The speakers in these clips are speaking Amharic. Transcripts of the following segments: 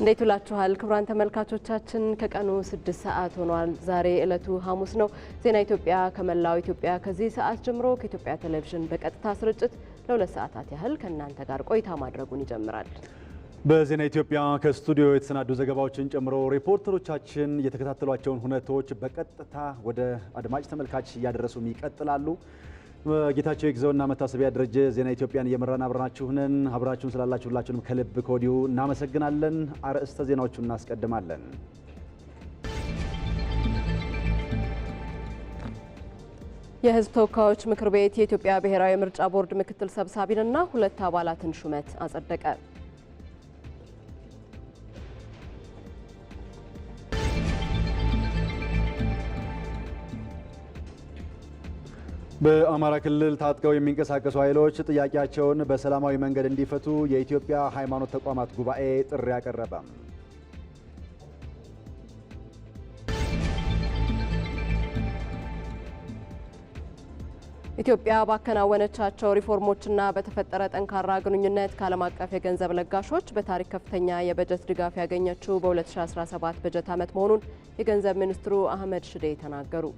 እንዴት ውላችኋል ክቡራን ተመልካቾቻችን፣ ከቀኑ ስድስት ሰዓት ሆኗል። ዛሬ ዕለቱ ሐሙስ ነው። ዜና ኢትዮጵያ ከመላው ኢትዮጵያ ከዚህ ሰዓት ጀምሮ ከኢትዮጵያ ቴሌቪዥን በቀጥታ ስርጭት ለሁለት ሰዓታት ያህል ከእናንተ ጋር ቆይታ ማድረጉን ይጀምራል። በዜና ኢትዮጵያ ከስቱዲዮ የተሰናዱ ዘገባዎችን ጨምሮ ሪፖርተሮቻችን የተከታተሏቸውን ሁነቶች በቀጥታ ወደ አድማጭ ተመልካች እያደረሱም ይቀጥላሉ። ጌታቸው የግዘውና መታሰቢያ ደረጀ ዜና ኢትዮጵያን እየመራን አብረናችሁንን አብራችሁን ስላላችሁ ሁላችሁንም ከልብ ከወዲሁ እናመሰግናለን። አርዕስተ ዜናዎቹን እናስቀድማለን። የሕዝብ ተወካዮች ምክር ቤት የኢትዮጵያ ብሔራዊ ምርጫ ቦርድ ምክትል ሰብሳቢንና ሁለት አባላትን ሹመት አጸደቀ። በአማራ ክልል ታጥቀው የሚንቀሳቀሱ ኃይሎች ጥያቄያቸውን በሰላማዊ መንገድ እንዲፈቱ የኢትዮጵያ ሃይማኖት ተቋማት ጉባኤ ጥሪ አቀረበ። ኢትዮጵያ ባከናወነቻቸው ሪፎርሞችና በተፈጠረ ጠንካራ ግንኙነት ከዓለም አቀፍ የገንዘብ ለጋሾች በታሪክ ከፍተኛ የበጀት ድጋፍ ያገኘችው በ2017 በጀት ዓመት መሆኑን የገንዘብ ሚኒስትሩ አህመድ ሽዴ ተናገሩ።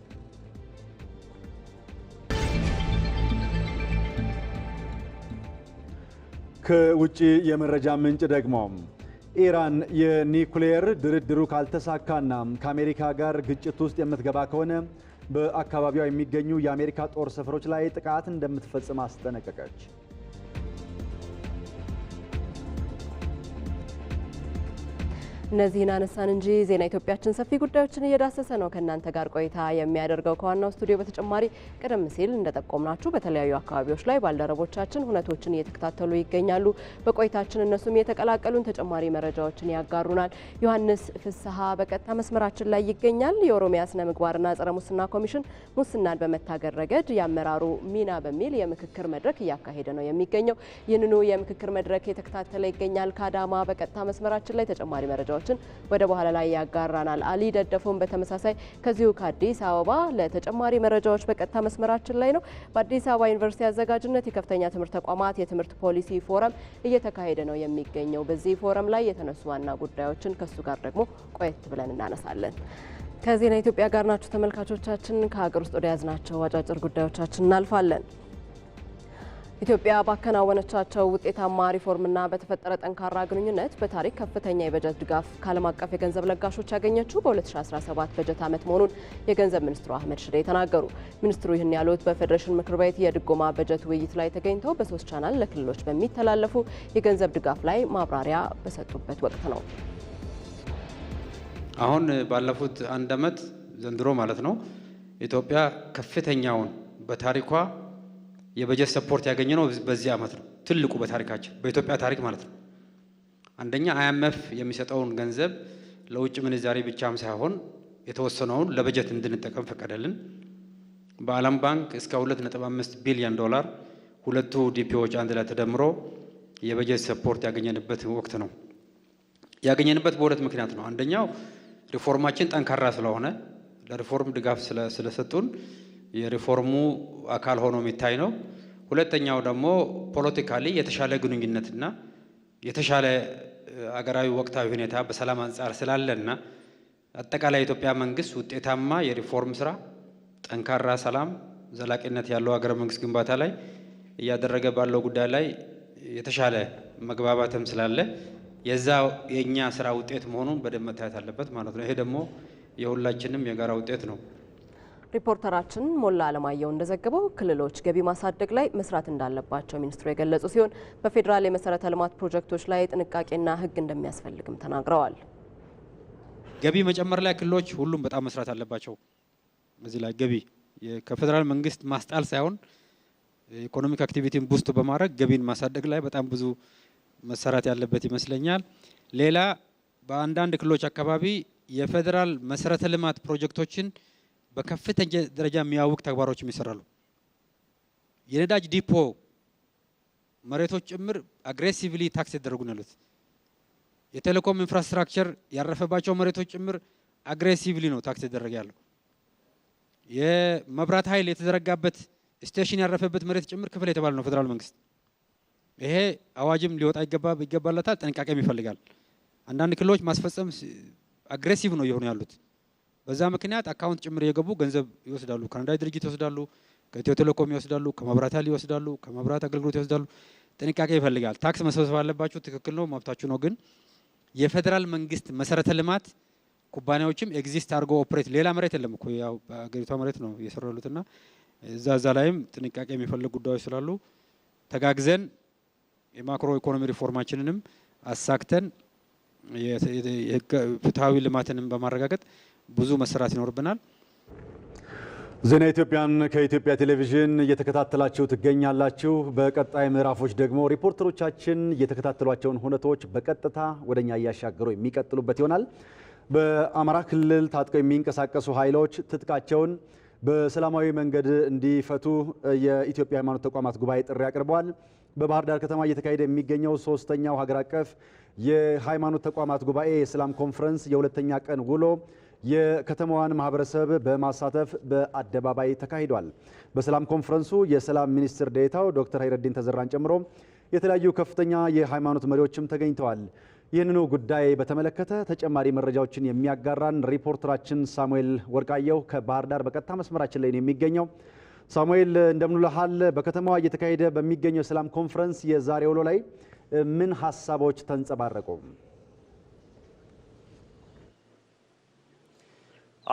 ከውጭ የመረጃ ምንጭ ደግሞ ኢራን የኒውክሌር ድርድሩ ካልተሳካና ከአሜሪካ ጋር ግጭት ውስጥ የምትገባ ከሆነ በአካባቢዋ የሚገኙ የአሜሪካ ጦር ሰፈሮች ላይ ጥቃት እንደምትፈጽም አስጠነቀቀች። እነዚህን አነሳን እንጂ ዜና ኢትዮጵያችን ሰፊ ጉዳዮችን እየዳሰሰ ነው ከእናንተ ጋር ቆይታ የሚያደርገው። ከዋናው ስቱዲዮ በተጨማሪ ቀደም ሲል እንደጠቆምናችሁ በተለያዩ አካባቢዎች ላይ ባልደረቦቻችን ሁነቶችን እየተከታተሉ ይገኛሉ። በቆይታችን እነሱም የተቀላቀሉን ተጨማሪ መረጃዎችን ያጋሩናል። ዮሐንስ ፍስሀ በቀጥታ መስመራችን ላይ ይገኛል። የኦሮሚያ ስነ ምግባርና ጸረ ሙስና ኮሚሽን ሙስናን በመታገል ረገድ የአመራሩ ሚና በሚል የምክክር መድረክ እያካሄደ ነው የሚገኘው። ይህንኑ የምክክር መድረክ የተከታተለ ይገኛል። ከአዳማ በቀጥታ መስመራችን ላይ ተጨማሪ መረጃዎች መረጃዎችን ወደ በኋላ ላይ ያጋራናል። አሊ ደደፎን በተመሳሳይ ከዚሁ ከአዲስ አበባ ለተጨማሪ መረጃዎች በቀጥታ መስመራችን ላይ ነው። በአዲስ አበባ ዩኒቨርሲቲ አዘጋጅነት የከፍተኛ ትምህርት ተቋማት የትምህርት ፖሊሲ ፎረም እየተካሄደ ነው የሚገኘው። በዚህ ፎረም ላይ የተነሱ ዋና ጉዳዮችን ከሱ ጋር ደግሞ ቆየት ብለን እናነሳለን። ከዜና ኢትዮጵያ ጋር ናችሁ ተመልካቾቻችን። ከሀገር ውስጥ ወደ ያዝናቸው አጫጭር ጉዳዮቻችን እናልፋለን። ኢትዮጵያ ባከናወነቻቸው ውጤታማ ሪፎርምና በተፈጠረ ጠንካራ ግንኙነት በታሪክ ከፍተኛ የበጀት ድጋፍ ከዓለም አቀፍ የገንዘብ ለጋሾች ያገኘችው በ2017 በጀት ዓመት መሆኑን የገንዘብ ሚኒስትሩ አህመድ ሽዴ ተናገሩ። ሚኒስትሩ ይህን ያሉት በፌዴሬሽን ምክር ቤት የድጎማ በጀት ውይይት ላይ ተገኝተው በሶስት ቻናል ለክልሎች በሚተላለፉ የገንዘብ ድጋፍ ላይ ማብራሪያ በሰጡበት ወቅት ነው። አሁን ባለፉት አንድ ዓመት ዘንድሮ ማለት ነው ኢትዮጵያ ከፍተኛውን በታሪኳ የበጀት ሰፖርት ያገኘ ነው በዚህ ዓመት ነው። ትልቁ በታሪካችን በኢትዮጵያ ታሪክ ማለት ነው። አንደኛ አይኤምኤፍ የሚሰጠውን ገንዘብ ለውጭ ምንዛሬ ብቻም ሳይሆን የተወሰነውን ለበጀት እንድንጠቀም ፈቀደልን። በዓለም ባንክ እስከ 2.5 ቢሊዮን ዶላር ሁለቱ ዲፒዎች አንድ ላይ ተደምሮ የበጀት ሰፖርት ያገኘንበት ወቅት ነው። ያገኘንበት በሁለት ምክንያት ነው። አንደኛው ሪፎርማችን ጠንካራ ስለሆነ ለሪፎርም ድጋፍ ስለሰጡን የሪፎርሙ አካል ሆኖ የሚታይ ነው። ሁለተኛው ደግሞ ፖለቲካሊ የተሻለ ግንኙነትና የተሻለ አገራዊ ወቅታዊ ሁኔታ በሰላም አንጻር ስላለና አጠቃላይ የኢትዮጵያ መንግስት ውጤታማ የሪፎርም ስራ፣ ጠንካራ ሰላም፣ ዘላቂነት ያለው ሀገረ መንግስት ግንባታ ላይ እያደረገ ባለው ጉዳይ ላይ የተሻለ መግባባትም ስላለ የዛ የእኛ ስራ ውጤት መሆኑን በደንብ መታየት አለበት ማለት ነው። ይሄ ደግሞ የሁላችንም የጋራ ውጤት ነው። ሪፖርተራችን ሞላ አለማየሁ እንደዘገበው ክልሎች ገቢ ማሳደግ ላይ መስራት እንዳለባቸው ሚኒስትሩ የገለጹ ሲሆን በፌዴራል የመሰረተ ልማት ፕሮጀክቶች ላይ ጥንቃቄና ሕግ እንደሚያስፈልግም ተናግረዋል። ገቢ መጨመር ላይ ክልሎች ሁሉም በጣም መስራት አለባቸው። እዚህ ላይ ገቢ ከፌዴራል መንግስት ማስጣል ሳይሆን ኢኮኖሚክ አክቲቪቲን ቡስት በማድረግ ገቢን ማሳደግ ላይ በጣም ብዙ መሰራት ያለበት ይመስለኛል። ሌላ በአንዳንድ ክልሎች አካባቢ የፌዴራል መሰረተ ልማት ፕሮጀክቶችን በከፍተኛ ደረጃ የሚያውቅ ተግባሮች ይሰራሉ። የነዳጅ ዲፖ መሬቶች ጭምር አግሬሲቭሊ ታክስ የተደረጉ ነው ያሉት። የቴሌኮም ኢንፍራስትራክቸር ያረፈባቸው መሬቶች ጭምር አግሬሲቭሊ ነው ታክስ የተደረገ ያለው። የመብራት ኃይል የተዘረጋበት ስቴሽን ያረፈበት መሬት ጭምር ክፍል የተባለ ነው ፌዴራል መንግስት። ይሄ አዋጅም ሊወጣ ይገባ ይገባለታል፣ ጥንቃቄም ይፈልጋል። አንዳንድ ክልሎች ማስፈጸም አግሬሲቭ ነው እየሆኑ ያሉት። በዛ ምክንያት አካውንት ጭምር የገቡ ገንዘብ ይወስዳሉ። ከነዳጅ ድርጅት ይወስዳሉ፣ ከኢትዮ ቴሌኮም ይወስዳሉ፣ ከመብራት ኃይል ይወስዳሉ፣ ከመብራት አገልግሎት ይወስዳሉ። ጥንቃቄ ይፈልጋል። ታክስ መሰብሰብ አለባችሁ። ትክክል ነው፣ መብታችሁ ነው። ግን የፌዴራል መንግስት መሰረተ ልማት ኩባንያዎችም ኤግዚስት አድርጎ ኦፕሬት ሌላ መሬት የለም እኮ ያው በአገሪቷ መሬት ነው እየሰሩ ያሉትና እዛ እዛ ላይም ጥንቃቄ የሚፈልግ ጉዳዮች ስላሉ ተጋግዘን የማክሮ ኢኮኖሚ ሪፎርማችንንም አሳክተን ፍትሐዊ ልማትንም በማረጋገጥ ብዙ መስራት ይኖርብናል። ዜና ኢትዮጵያን ከኢትዮጵያ ቴሌቪዥን እየተከታተላችሁ ትገኛላችሁ። በቀጣይ ምዕራፎች ደግሞ ሪፖርተሮቻችን እየተከታተሏቸውን ሁነቶች በቀጥታ ወደኛ እያሻገሩ የሚቀጥሉበት ይሆናል። በአማራ ክልል ታጥቀው የሚንቀሳቀሱ ኃይሎች ትጥቃቸውን በሰላማዊ መንገድ እንዲፈቱ የኢትዮጵያ ሃይማኖት ተቋማት ጉባኤ ጥሪ አቅርበዋል። በባህር ዳር ከተማ እየተካሄደ የሚገኘው ሶስተኛው ሀገር አቀፍ የሃይማኖት ተቋማት ጉባኤ የሰላም ኮንፈረንስ የሁለተኛ ቀን ውሎ የከተማዋን ማህበረሰብ በማሳተፍ በአደባባይ ተካሂዷል። በሰላም ኮንፈረንሱ የሰላም ሚኒስትር ዴታው ዶክተር ሀይረዲን ተዘራን ጨምሮ የተለያዩ ከፍተኛ የሃይማኖት መሪዎችም ተገኝተዋል። ይህንኑ ጉዳይ በተመለከተ ተጨማሪ መረጃዎችን የሚያጋራን ሪፖርተራችን ሳሙኤል ወርቃየሁ ከባህር ዳር በቀጥታ መስመራችን ላይ ነው የሚገኘው። ሳሙኤል እንደምንልሃል። በከተማዋ እየተካሄደ በሚገኘው የሰላም ኮንፈረንስ የዛሬ ውሎ ላይ ምን ሀሳቦች ተንጸባረቁ?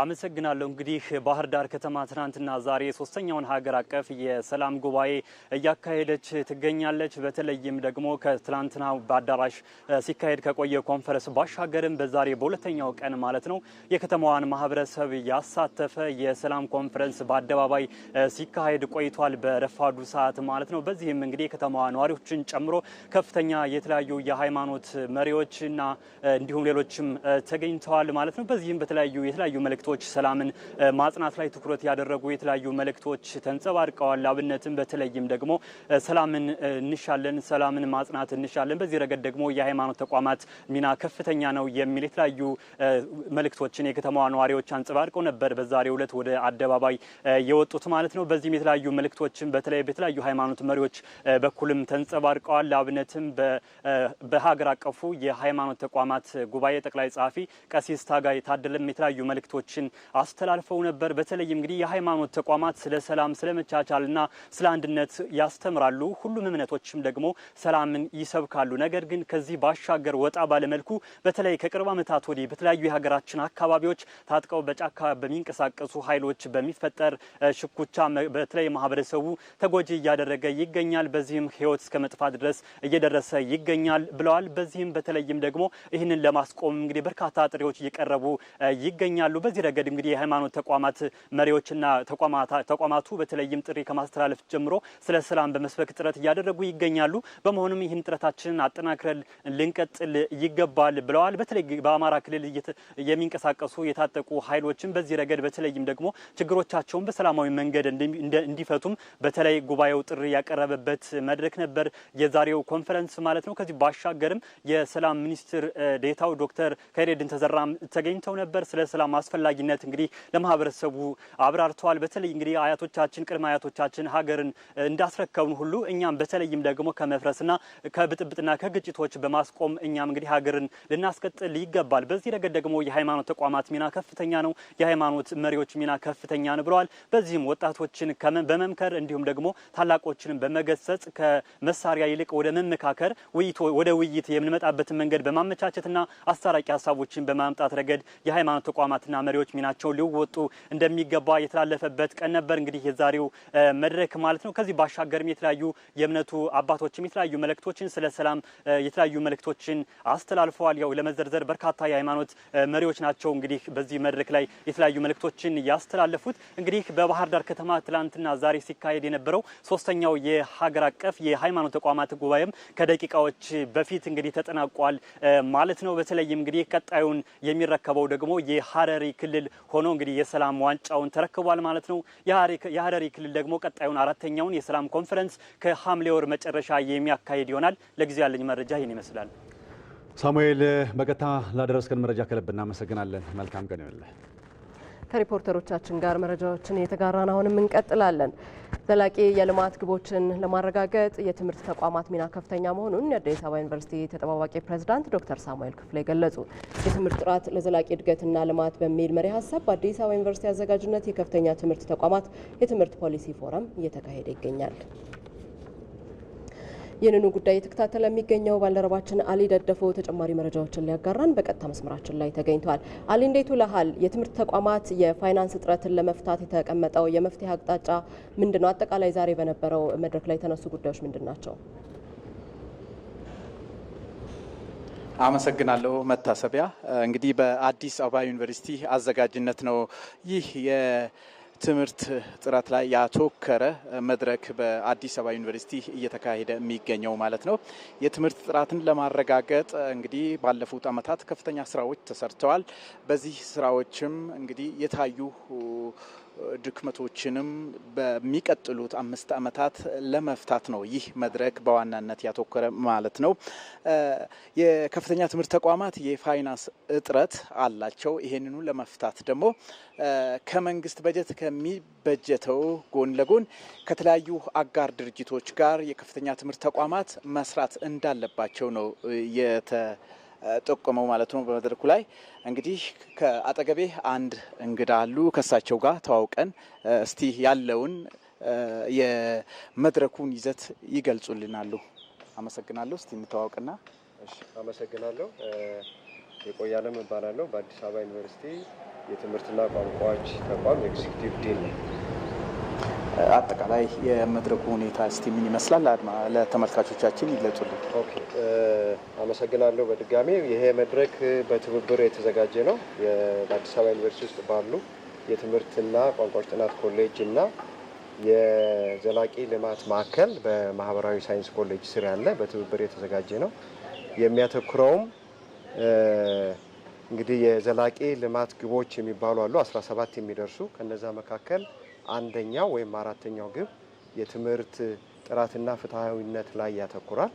አመሰግናለሁ። እንግዲህ ባህር ዳር ከተማ ትናንትና ዛሬ ሶስተኛውን ሀገር አቀፍ የሰላም ጉባኤ እያካሄደች ትገኛለች። በተለይም ደግሞ ከትናንትና በአዳራሽ ሲካሄድ ከቆየ ኮንፈረንስ ባሻገርም በዛሬ በሁለተኛው ቀን ማለት ነው የከተማዋን ማህበረሰብ ያሳተፈ የሰላም ኮንፈረንስ በአደባባይ ሲካሄድ ቆይቷል፣ በረፋዱ ሰዓት ማለት ነው። በዚህም እንግዲህ የከተማዋ ነዋሪዎችን ጨምሮ ከፍተኛ የተለያዩ የሃይማኖት መሪዎችና እንዲሁም ሌሎችም ተገኝተዋል ማለት ነው። በዚህም በተለያዩ የተለያዩ መልእክቶች መልእክቶች ሰላምን ማጽናት ላይ ትኩረት ያደረጉ የተለያዩ መልእክቶች ተንጸባርቀዋል። አብነትም በተለይም ደግሞ ሰላምን እንሻለን፣ ሰላምን ማጽናት እንሻለን፣ በዚህ ረገድ ደግሞ የሃይማኖት ተቋማት ሚና ከፍተኛ ነው የሚል የተለያዩ መልእክቶችን የከተማዋ ነዋሪዎች አንጸባርቀው ነበር በዛሬው ዕለት ወደ አደባባይ የወጡት ማለት ነው። በዚህም የተለያዩ መልእክቶችን በተለይ በተለያዩ ሃይማኖት መሪዎች በኩልም ተንጸባርቀዋል። ለአብነትም በሀገር አቀፉ የሃይማኖት ተቋማት ጉባኤ ጠቅላይ ጸሐፊ ቀሲስ ታጋይ ታደለም የተለያዩ መልእክቶች መልእክቶችን አስተላልፈው ነበር። በተለይም እንግዲህ የሃይማኖት ተቋማት ስለ ሰላም፣ ስለ መቻቻልና ስለ አንድነት ያስተምራሉ። ሁሉም እምነቶችም ደግሞ ሰላምን ይሰብካሉ። ነገር ግን ከዚህ ባሻገር ወጣ ባለመልኩ በተለይ ከቅርብ ዓመታት ወዲህ በተለያዩ የሀገራችን አካባቢዎች ታጥቀው በጫካ በሚንቀሳቀሱ ኃይሎች በሚፈጠር ሽኩቻ በተለይ ማህበረሰቡ ተጎጂ እያደረገ ይገኛል። በዚህም ህይወት እስከ መጥፋት ድረስ እየደረሰ ይገኛል ብለዋል። በዚህም በተለይም ደግሞ ይህንን ለማስቆም እንግዲህ በርካታ ጥሪዎች እየቀረቡ ይገኛሉ። በዚህ ረገድ እንግዲህ የሃይማኖት ተቋማት መሪዎችና ተቋማቱ በተለይም ጥሪ ከማስተላለፍ ጀምሮ ስለ ሰላም በመስበክ ጥረት እያደረጉ ይገኛሉ። በመሆኑም ይህን ጥረታችንን አጠናክረን ልንቀጥል ይገባል ብለዋል። በተለይ በአማራ ክልል የሚንቀሳቀሱ የታጠቁ ኃይሎችን በዚህ ረገድ በተለይም ደግሞ ችግሮቻቸውን በሰላማዊ መንገድ እንዲፈቱም በተለይ ጉባኤው ጥሪ ያቀረበበት መድረክ ነበር የዛሬው ኮንፈረንስ ማለት ነው። ከዚህ ባሻገርም የሰላም ሚኒስትር ዴታው ዶክተር ከይሬድን ተዘራም ተገኝተው ነበር። ስለ ሰላም አስፈላ አስፈላጊነት እንግዲህ ለማህበረሰቡ አብራርተዋል። በተለይ እንግዲህ አያቶቻችን ቅድመ አያቶቻችን ሀገርን እንዳስረከቡን ሁሉ እኛም በተለይም ደግሞ ከመፍረስና ከብጥብጥና ከግጭቶች በማስቆም እኛም እንግዲህ ሀገርን ልናስቀጥል ይገባል። በዚህ ረገድ ደግሞ የሃይማኖት ተቋማት ሚና ከፍተኛ ነው፣ የሃይማኖት መሪዎች ሚና ከፍተኛ ነው ብለዋል። በዚህም ወጣቶችን በመምከር እንዲሁም ደግሞ ታላቆችንም በመገሰጽ ከመሳሪያ ይልቅ ወደ መመካከር ወደ ውይይት የምንመጣበትን መንገድ በማመቻቸትና አስታራቂ ሀሳቦችን በማምጣት ረገድ የሃይማኖት ተቋማትና መሪዎች መሪዎች ሚናቸውን ሊወጡ እንደሚገባ የተላለፈበት ቀን ነበር እንግዲህ የዛሬው መድረክ ማለት ነው። ከዚህ ባሻገርም የተለያዩ የእምነቱ አባቶችም የተለያዩ መልእክቶችን ስለ ሰላም የተለያዩ መልእክቶችን አስተላልፈዋል። ያው ለመዘርዘር በርካታ የሃይማኖት መሪዎች ናቸው እንግዲህ በዚህ መድረክ ላይ የተለያዩ መልእክቶችን ያስተላለፉት። እንግዲህ በባህር ዳር ከተማ ትላንትና ዛሬ ሲካሄድ የነበረው ሶስተኛው የሀገር አቀፍ የሃይማኖት ተቋማት ጉባኤም ከደቂቃዎች በፊት እንግዲህ ተጠናቋል ማለት ነው። በተለይም እንግዲህ ቀጣዩን የሚረከበው ደግሞ የሀረሪ ክልል ሆኖ እንግዲህ የሰላም ዋንጫውን ተረክቧል ማለት ነው። የሀረሪ ክልል ደግሞ ቀጣዩን አራተኛውን የሰላም ኮንፈረንስ ከሐምሌ ወር መጨረሻ የሚያካሂድ ይሆናል። ለጊዜው ያለኝ መረጃ ይህን ይመስላል። ሳሙኤል፣ በቀጥታ ላደረስከን መረጃ ከልብ እናመሰግናለን። መልካም ቀን ይሆንልህ። ከሪፖርተሮቻችን ጋር መረጃዎችን የተጋራን አሁንም እንቀጥላለን። ዘላቂ የልማት ግቦችን ለማረጋገጥ የትምህርት ተቋማት ሚና ከፍተኛ መሆኑን የአዲስ አበባ ዩኒቨርሲቲ ተጠባባቂ ፕሬዝዳንት ዶክተር ሳሙኤል ክፍሌ ገለጹ። የትምህርት ጥራት ለዘላቂ እድገትና ልማት በሚል መሪ ሀሳብ በአዲስ አበባ ዩኒቨርሲቲ አዘጋጅነት የከፍተኛ ትምህርት ተቋማት የትምህርት ፖሊሲ ፎረም እየተካሄደ ይገኛል። ይህንኑ ጉዳይ የተከታተለ የሚገኘው ባልደረባችን አሊ ደደፎ ተጨማሪ መረጃዎችን ሊያጋራን በቀጥታ መስመራችን ላይ ተገኝቷል። አሊ እንዴት ውለሃል? የትምህርት ተቋማት የፋይናንስ እጥረትን ለመፍታት የተቀመጠው የመፍትሄ አቅጣጫ ምንድን ነው? አጠቃላይ ዛሬ በነበረው መድረክ ላይ የተነሱ ጉዳዮች ምንድን ናቸው? አመሰግናለሁ መታሰቢያ። እንግዲህ በአዲስ አበባ ዩኒቨርሲቲ አዘጋጅነት ነው ይህ ትምህርት ጥረት ላይ ያተኮረ መድረክ በአዲስ አበባ ዩኒቨርሲቲ እየተካሄደ የሚገኘው ማለት ነው። የትምህርት ጥራትን ለማረጋገጥ እንግዲህ ባለፉት ዓመታት ከፍተኛ ስራዎች ተሰርተዋል። በዚህ ስራዎችም እንግዲህ የታዩ ድክመቶችንም በሚቀጥሉት አምስት ዓመታት ለመፍታት ነው ይህ መድረክ በዋናነት ያተኮረ ማለት ነው። የከፍተኛ ትምህርት ተቋማት የፋይናንስ እጥረት አላቸው። ይሄንኑ ለመፍታት ደግሞ ከመንግስት በጀት ከሚበጀተው ጎን ለጎን ከተለያዩ አጋር ድርጅቶች ጋር የከፍተኛ ትምህርት ተቋማት መስራት እንዳለባቸው ነው የተ ጠቆመው ማለት ነው። በመድረኩ ላይ እንግዲህ ከአጠገቤ አንድ እንግዳ አሉ። ከእሳቸው ጋር ተዋውቀን እስቲ ያለውን የመድረኩን ይዘት ይገልጹልናሉ። አመሰግናለሁ። እስቲ እንተዋውቅና። አመሰግናለሁ። የቆያለም እባላለሁ። በአዲስ አበባ ዩኒቨርሲቲ የትምህርትና ቋንቋዎች ተቋም ኤግዚኪቲቭ ዲን ነው። አጠቃላይ የመድረኩ ሁኔታ እስቲ ምን ይመስላል አድማ ለተመልካቾቻችን ይለጹልን። አመሰግናለሁ። በድጋሚ ይሄ መድረክ በትብብር የተዘጋጀ ነው። በአዲስ አበባ ዩኒቨርሲቲ ውስጥ ባሉ የትምህርትና ቋንቋዎች ጥናት ኮሌጅ እና የዘላቂ ልማት ማዕከል በማህበራዊ ሳይንስ ኮሌጅ ስር ያለ በትብብር የተዘጋጀ ነው። የሚያተኩረውም እንግዲህ የዘላቂ ልማት ግቦች የሚባሉ አሉ 17 የሚደርሱ ከነዛ መካከል አንደኛው ወይም አራተኛው ግብ የትምህርት ጥራትና ፍትሐዊነት ላይ ያተኩራል።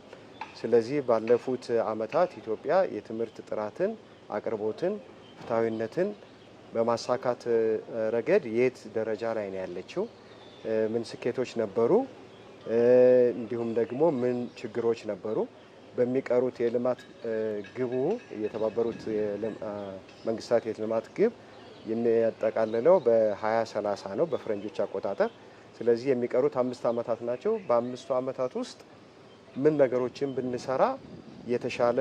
ስለዚህ ባለፉት ዓመታት ኢትዮጵያ የትምህርት ጥራትን፣ አቅርቦትን፣ ፍትሐዊነትን በማሳካት ረገድ የት ደረጃ ላይ ነው ያለችው? ምን ስኬቶች ነበሩ? እንዲሁም ደግሞ ምን ችግሮች ነበሩ? በሚቀሩት የልማት ግቡ የተባበሩት መንግስታት የልማት ግብ የሚያጠቃልለው በ2030 ነው በፈረንጆች አቆጣጠር። ስለዚህ የሚቀሩት አምስት ዓመታት ናቸው። በአምስቱ ዓመታት ውስጥ ምን ነገሮችን ብንሰራ የተሻለ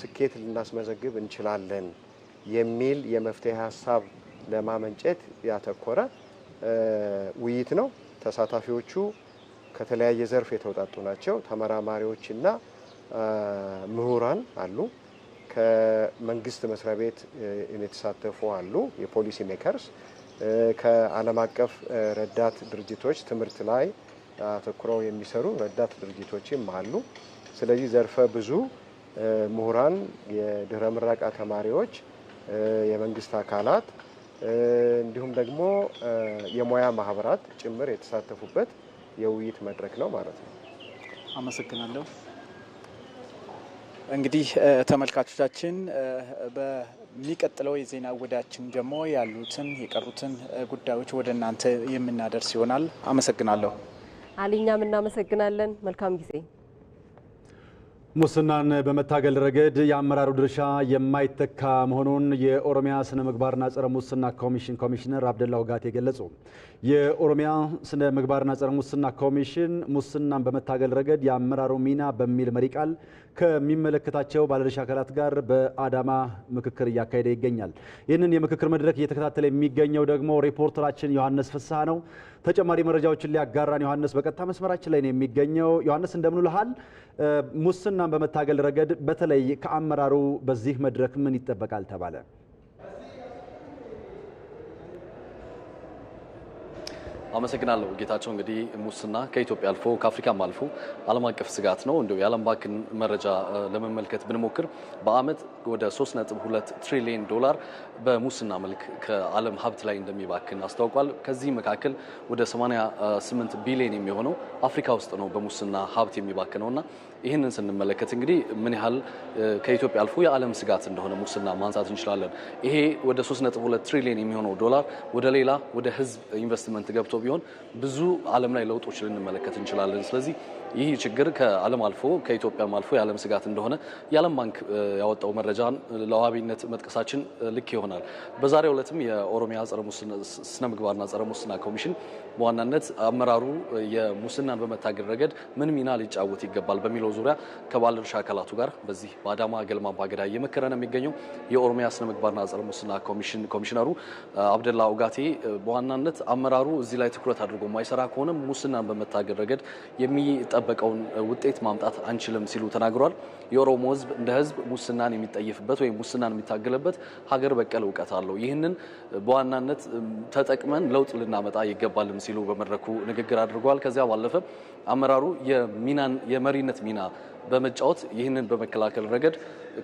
ስኬት ልናስመዘግብ እንችላለን የሚል የመፍትሄ ሀሳብ ለማመንጨት ያተኮረ ውይይት ነው። ተሳታፊዎቹ ከተለያየ ዘርፍ የተውጣጡ ናቸው። ተመራማሪዎችና ምሁራን አሉ። ከመንግስት መስሪያ ቤት የተሳተፉ አሉ፣ የፖሊሲ ሜከርስ ከዓለም አቀፍ ረዳት ድርጅቶች ትምህርት ላይ አተኩረው የሚሰሩ ረዳት ድርጅቶችም አሉ። ስለዚህ ዘርፈ ብዙ ምሁራን፣ የድህረ ምረቃ ተማሪዎች፣ የመንግስት አካላት እንዲሁም ደግሞ የሙያ ማህበራት ጭምር የተሳተፉበት የውይይት መድረክ ነው ማለት ነው። አመሰግናለሁ። እንግዲህ ተመልካቾቻችን በሚቀጥለው የዜና ወዳችን ደግሞ ያሉትን የቀሩትን ጉዳዮች ወደ እናንተ የምናደርስ ይሆናል። አመሰግናለሁ። አሊኛም እናመሰግናለን። መልካም ጊዜ። ሙስናን በመታገል ረገድ የአመራሩ ድርሻ የማይተካ መሆኑን የኦሮሚያ ስነ ምግባርና ጸረ ሙስና ኮሚሽን ኮሚሽነር አብደላ ውጋቴ ገለጹ። የኦሮሚያ ስነ ምግባርና ጸረ ሙስና ኮሚሽን ሙስናን በመታገል ረገድ የአመራሩ ሚና በሚል መሪ ቃል ከሚመለከታቸው ባለድርሻ አካላት ጋር በአዳማ ምክክር እያካሄደ ይገኛል። ይህንን የምክክር መድረክ እየተከታተለ የሚገኘው ደግሞ ሪፖርተራችን ዮሐንስ ፍስሐ ነው። ተጨማሪ መረጃዎችን ሊያጋራን ዮሐንስ በቀጥታ መስመራችን ላይ ነው የሚገኘው። ዮሐንስ እንደምን ውለሃል? ሙስናን በመታገል ረገድ በተለይ ከአመራሩ በዚህ መድረክ ምን ይጠበቃል ተባለ? አመሰግናለሁ ጌታቸው። እንግዲህ ሙስና ከኢትዮጵያ አልፎ ከአፍሪካም አልፎ ዓለም አቀፍ ስጋት ነው። እንዲሁ የዓለም ባንክን መረጃ ለመመልከት ብንሞክር በአመት ወደ 3.2 ትሪሊዮን ዶላር በሙስና መልክ ከዓለም ሀብት ላይ እንደሚባክን አስታውቋል። ከዚህ መካከል ወደ 88 ቢሊዮን የሚሆነው አፍሪካ ውስጥ ነው በሙስና ሀብት እና ይህንን ስንመለከት እንግዲህ ምን ያህል ከኢትዮጵያ አልፎ የዓለም ስጋት እንደሆነ ሙስና ማንሳት እንችላለን። ይሄ ወደ 3.2 ትሪሊዮን የሚሆነው ዶላር ወደ ሌላ ወደ ህዝብ ኢንቨስትመንት ገብቶ ቢሆን ብዙ ዓለም ላይ ለውጦች ልንመለከት እንችላለን። ስለዚህ ይህ ችግር ከዓለም አልፎ ከኢትዮጵያም አልፎ የዓለም ስጋት እንደሆነ የዓለም ባንክ ያወጣው መረጃን ለዋቢነት መጥቀሳችን ልክ ይሆናል። በዛሬው ዕለትም የኦሮሚያ ስነ ምግባርና ጸረ ሙስና ኮሚሽን በዋናነት አመራሩ የሙስናን በመታገድ ረገድ ምን ሚና ሊጫወት ይገባል በሚለው በሚለው ዙሪያ ከባለድርሻ አካላቱ ጋር በዚህ በአዳማ ገልማ ባገዳ እየመከረ ነው የሚገኘው። የኦሮሚያ ስነ ምግባርና ጸረ ሙስና ኮሚሽን ኮሚሽነሩ አብደላ ኡጋቴ በዋናነት አመራሩ እዚህ ላይ ትኩረት አድርጎ ማይሰራ ከሆነ ሙስናን በመታገድ ረገድ የሚጠበቀውን ውጤት ማምጣት አንችልም ሲሉ ተናግሯል። የኦሮሞ ህዝብ እንደ ህዝብ ሙስናን የሚጠይፍበት ወይም ሙስናን የሚታገልበት ሀገር በቀል እውቀት አለው። ይህንን በዋናነት ተጠቅመን ለውጥ ልናመጣ ይገባልም ሲሉ በመድረኩ ንግግር አድርገዋል። ከዚያ ባለፈ አመራሩ የሚናን የመሪነት ሚና ሚና በመጫወት ይህንን በመከላከል ረገድ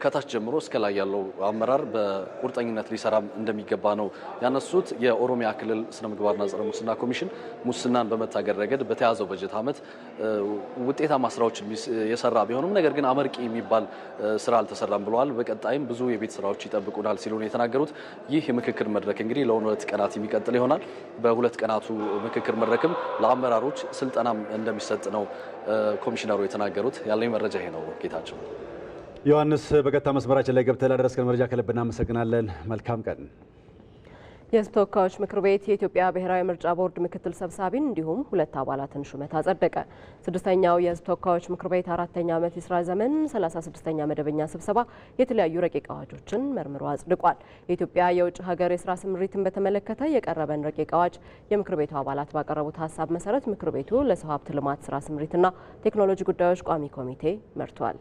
ከታች ጀምሮ እስከ ላይ ያለው አመራር በቁርጠኝነት ሊሰራም እንደሚገባ ነው ያነሱት። የኦሮሚያ ክልል ስነ ምግባርና ጸረ ሙስና ኮሚሽን ሙስናን በመታገድ ረገድ በተያዘው በጀት ዓመት ውጤታማ ስራዎችን የሰራ ቢሆንም ነገር ግን አመርቂ የሚባል ስራ አልተሰራም ብለዋል። በቀጣይም ብዙ የቤት ስራዎች ይጠብቁናል ሲሉ ነው የተናገሩት። ይህ የምክክር መድረክ እንግዲህ ለሁለት ቀናት የሚቀጥል ይሆናል። በሁለት ቀናቱ ምክክር መድረክም ለአመራሮች ስልጠናም እንደሚሰጥ ነው ኮሚሽነሩ የተናገሩት። ያለኝ መረጃ ይሄ ነው ጌታቸው። ዮሐንስ በቀጥታ መስመራችን ላይ ገብተህ ላደረስከን መረጃ ከልብ እናመሰግናለን። መልካም ቀን። የህዝብ ተወካዮች ምክር ቤት የኢትዮጵያ ብሔራዊ ምርጫ ቦርድ ምክትል ሰብሳቢን እንዲሁም ሁለት አባላትን ሹመት አጸደቀ። ስድስተኛው የህዝብ ተወካዮች ምክር ቤት አራተኛ ዓመት የስራ ዘመን 36ኛ መደበኛ ስብሰባ የተለያዩ ረቂቅ አዋጆችን መርምሮ አጽድቋል። የኢትዮጵያ የውጭ ሀገር የስራ ስምሪትን በተመለከተ የቀረበን ረቂቅ አዋጅ የምክር ቤቱ አባላት ባቀረቡት ሀሳብ መሰረት ምክር ቤቱ ለሰው ሀብት ልማት ስራ ስምሪትና ቴክኖሎጂ ጉዳዮች ቋሚ ኮሚቴ መርቷል።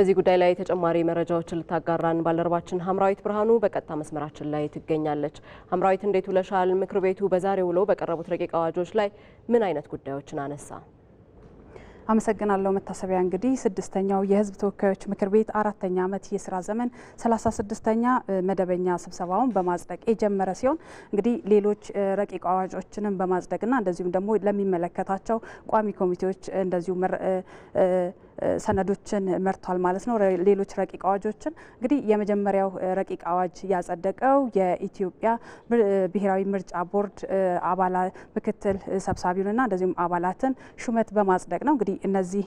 በዚህ ጉዳይ ላይ ተጨማሪ መረጃዎችን ልታጋራን ባልደረባችን ሀምራዊት ብርሃኑ በቀጥታ መስመራችን ላይ ትገኛለች። ሀምራዊት እንዴት ውለሻል? ምክር ቤቱ በዛሬ ውሎ በቀረቡት ረቂቅ አዋጆች ላይ ምን አይነት ጉዳዮችን አነሳ? አመሰግናለሁ መታሰቢያ። እንግዲህ ስድስተኛው የህዝብ ተወካዮች ምክር ቤት አራተኛ ዓመት የስራ ዘመን ሰላሳ ስድስተኛ መደበኛ ስብሰባውን በማጽደቅ የጀመረ ሲሆን እንግዲህ ሌሎች ረቂቅ አዋጆችንም በማጽደቅና እንደዚሁም ደግሞ ለሚመለከታቸው ቋሚ ኮሚቴዎች እንደዚሁ ሰነዶችን መርቷል ማለት ነው። ሌሎች ረቂቅ አዋጆችን እንግዲህ የመጀመሪያው ረቂቅ አዋጅ ያጸደቀው የኢትዮጵያ ብሔራዊ ምርጫ ቦርድ አባላ ምክትል ሰብሳቢውንና እንደዚሁም አባላትን ሹመት በማጽደቅ ነው። እንግዲህ እነዚህ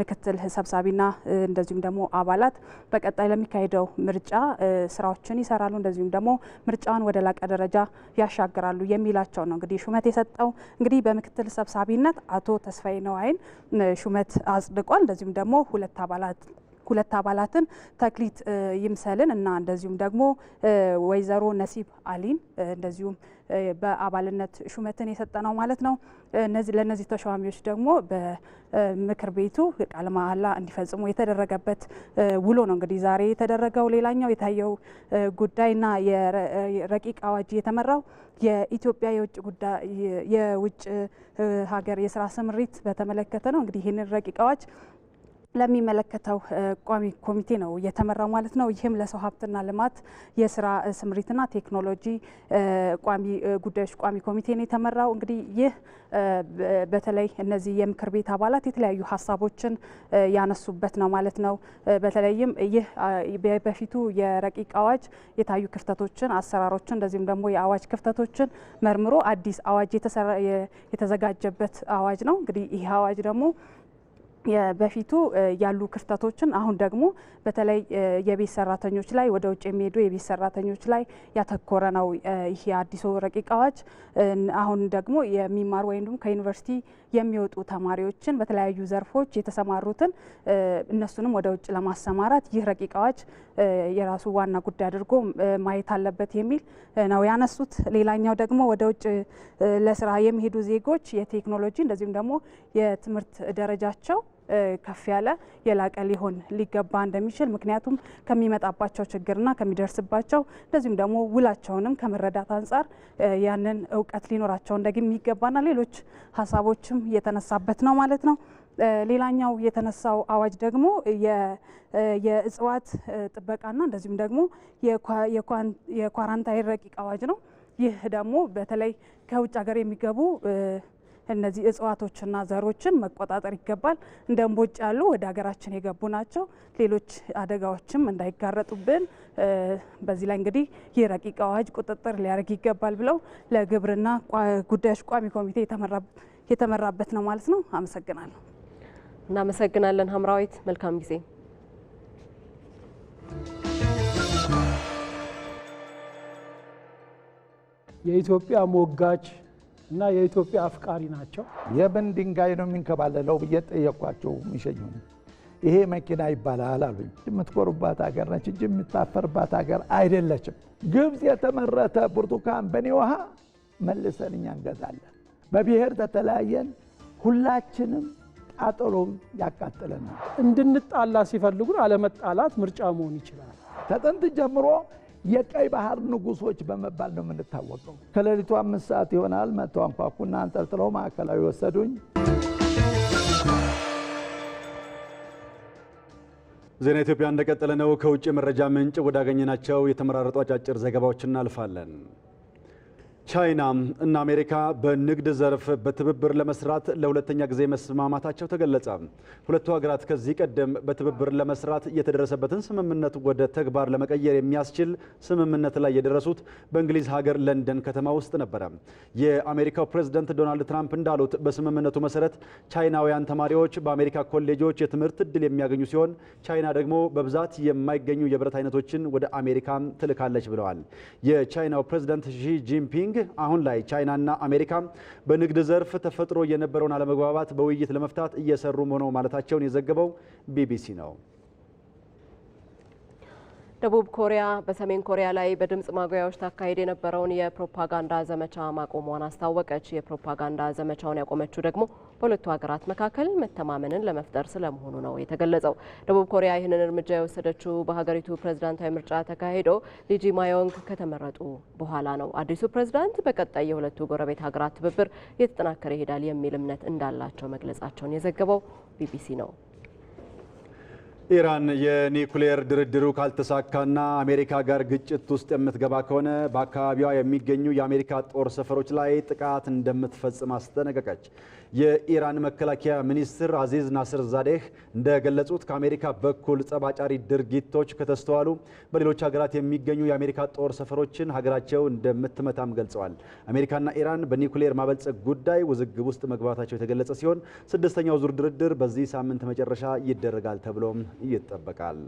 ምክትል ሰብሳቢና እንደዚሁም ደግሞ አባላት በቀጣይ ለሚካሄደው ምርጫ ስራዎችን ይሰራሉ፣ እንደዚሁም ደግሞ ምርጫውን ወደ ላቀ ደረጃ ያሻግራሉ የሚላቸው ነው። እንግዲህ ሹመት የሰጠው እንግዲህ በምክትል ሰብሳቢነት አቶ ተስፋዬ ነዋይን ሹመት አጽድ ተመርቋል። እንደዚሁም ደግሞ ሁለት አባላት ሁለት አባላትን ተክሊት ይምሰልን እና እንደዚሁም ደግሞ ወይዘሮ ነሲብ አሊን እንደዚሁም በአባልነት ሹመትን የሰጠ ነው ማለት ነው። ለእነዚህ ተሿሚዎች ደግሞ በምክር ቤቱ ቃለ መሃላ እንዲፈጽሙ የተደረገበት ውሎ ነው እንግዲህ ዛሬ የተደረገው። ሌላኛው የታየው ጉዳይና የረቂቅ አዋጅ የተመራው የኢትዮጵያ የውጭ ጉዳይ የውጭ ሀገር የስራ ስምሪት በተመለከተ ነው። እንግዲህ ይህንን ረቂቅ አዋጅ ለሚመለከተው ቋሚ ኮሚቴ ነው የተመራው ማለት ነው። ይህም ለሰው ሀብትና ልማት የስራ ስምሪትና ቴክኖሎጂ ቋሚ ጉዳዮች ቋሚ ኮሚቴ ነው የተመራው። እንግዲህ ይህ በተለይ እነዚህ የምክር ቤት አባላት የተለያዩ ሀሳቦችን ያነሱበት ነው ማለት ነው። በተለይም ይህ በፊቱ የረቂቅ አዋጅ የታዩ ክፍተቶችን፣ አሰራሮችን እንደዚሁም ደግሞ የአዋጅ ክፍተቶችን መርምሮ አዲስ አዋጅ የተዘጋጀበት አዋጅ ነው። እንግዲህ ይህ አዋጅ ደግሞ በፊቱ ያሉ ክፍተቶችን አሁን ደግሞ በተለይ የቤት ሰራተኞች ላይ ወደ ውጭ የሚሄዱ የቤት ሰራተኞች ላይ ያተኮረ ነው ይህ የአዲሱ ረቂቅ አዋጅ። አሁን ደግሞ የሚማሩ ወይም ደግሞ ከዩኒቨርሲቲ የሚወጡ ተማሪዎችን በተለያዩ ዘርፎች የተሰማሩትን እነሱንም ወደ ውጭ ለማሰማራት ይህ ረቂቅ አዋጅ የራሱ ዋና ጉዳይ አድርጎ ማየት አለበት የሚል ነው ያነሱት። ሌላኛው ደግሞ ወደ ውጭ ለስራ የሚሄዱ ዜጎች የቴክኖሎጂ እንደዚሁም ደግሞ የትምህርት ደረጃቸው ከፍ ያለ የላቀ ሊሆን ሊገባ እንደሚችል ምክንያቱም ከሚመጣባቸው ችግርና ከሚደርስባቸው እንደዚሁም ደግሞ ውላቸውንም ከመረዳት አንጻር ያንን እውቀት ሊኖራቸው እንደግም ይገባና ሌሎች ሀሳቦችም የተነሳበት ነው ማለት ነው። ሌላኛው የተነሳው አዋጅ ደግሞ የእጽዋት ጥበቃና እንደዚሁም ደግሞ የኳራንታይን ረቂቅ አዋጅ ነው። ይህ ደግሞ በተለይ ከውጭ ሀገር የሚገቡ እነዚህ እጽዋቶችና ዘሮችን መቆጣጠር ይገባል። እንደ እምቦጭ ያሉ ወደ ሀገራችን የገቡ ናቸው። ሌሎች አደጋዎችም እንዳይጋረጡብን በዚህ ላይ እንግዲህ ይህ ረቂቅ አዋጅ ቁጥጥር ሊያደርግ ይገባል ብለው ለግብርና ጉዳዮች ቋሚ ኮሚቴ የተመራበት ነው ማለት ነው። አመሰግናለሁ። እናመሰግናለን ሀምራዊት፣ መልካም ጊዜ። የኢትዮጵያ ሞጋች እና የኢትዮጵያ አፍቃሪ ናቸው። የምን ድንጋይ ነው የሚንከባለለው ብዬ ጠየኳቸው። የሚሸኙ ይሄ መኪና ይባላል አሉ። የምትኮሩባት ሀገር ነች እንጂ የምታፈርባት ሀገር አይደለችም። ግብፅ የተመረተ ብርቱካን በኔ ውሃ መልሰን እኛ እንገዛለን። በብሔር ተተለያየን፣ ሁላችንም ጣጥሎም ያቃጥለናል። እንድንጣላ ሲፈልጉን አለመጣላት ምርጫ መሆን ይችላል። ከጥንት ጀምሮ የቀይ ባህር ንጉሶች በመባል ነው የምንታወቀው። ከሌሊቱ አምስት ሰዓት ይሆናል መጥተው አንኳኩና አንጠልጥለው ማዕከላዊ ወሰዱኝ። ዜና ኢትዮጵያ እንደቀጠለ ነው። ከውጭ መረጃ ምንጭ ወዳገኘናቸው የተመራረጡ አጫጭር ዘገባዎች እናልፋለን። ቻይና እና አሜሪካ በንግድ ዘርፍ በትብብር ለመስራት ለሁለተኛ ጊዜ መስማማታቸው ተገለጸ። ሁለቱ ሀገራት ከዚህ ቀደም በትብብር ለመስራት የተደረሰበትን ስምምነት ወደ ተግባር ለመቀየር የሚያስችል ስምምነት ላይ የደረሱት በእንግሊዝ ሀገር ለንደን ከተማ ውስጥ ነበረ። የአሜሪካው ፕሬዝደንት ዶናልድ ትራምፕ እንዳሉት በስምምነቱ መሰረት ቻይናውያን ተማሪዎች በአሜሪካ ኮሌጆች የትምህርት እድል የሚያገኙ ሲሆን፣ ቻይና ደግሞ በብዛት የማይገኙ የብረት አይነቶችን ወደ አሜሪካ ትልካለች ብለዋል። የቻይናው ፕሬዝደንት ሺ ጂንፒንግ ጂንፒንግ አሁን ላይ ቻይናና አሜሪካ በንግድ ዘርፍ ተፈጥሮ የነበረውን አለመግባባት በውይይት ለመፍታት እየሰሩ ሆነው ማለታቸውን የዘገበው ቢቢሲ ነው። ደቡብ ኮሪያ በሰሜን ኮሪያ ላይ በድምጽ ማጉያዎች ታካሄድ የነበረውን የፕሮፓጋንዳ ዘመቻ ማቆሟን አስታወቀች። የፕሮፓጋንዳ ዘመቻውን ያቆመችው ደግሞ በሁለቱ ሀገራት መካከል መተማመንን ለመፍጠር ስለመሆኑ ነው የተገለጸው። ደቡብ ኮሪያ ይህንን እርምጃ የወሰደችው በሀገሪቱ ፕሬዝዳንታዊ ምርጫ ተካሂዶ ሊጂ ማዮንግ ከተመረጡ በኋላ ነው። አዲሱ ፕሬዝዳንት በቀጣይ የሁለቱ ጎረቤት ሀገራት ትብብር እየተጠናከረ ይሄዳል የሚል እምነት እንዳላቸው መግለጻቸውን የዘገበው ቢቢሲ ነው። ኢራን የኒውክሌር ድርድሩ ካልተሳካና አሜሪካ ጋር ግጭት ውስጥ የምትገባ ከሆነ በአካባቢዋ የሚገኙ የአሜሪካ ጦር ሰፈሮች ላይ ጥቃት እንደምትፈጽም አስጠነቀቀች። የኢራን መከላከያ ሚኒስትር አዚዝ ናስር ዛዴህ እንደገለጹት ከአሜሪካ በኩል ጸባጫሪ ድርጊቶች ከተስተዋሉ በሌሎች ሀገራት የሚገኙ የአሜሪካ ጦር ሰፈሮችን ሀገራቸው እንደምትመታም ገልጸዋል። አሜሪካና ኢራን በኒውክሌር ማበልጸግ ጉዳይ ውዝግብ ውስጥ መግባታቸው የተገለጸ ሲሆን ስድስተኛው ዙር ድርድር በዚህ ሳምንት መጨረሻ ይደረጋል ተብሎም ይጠበቃል።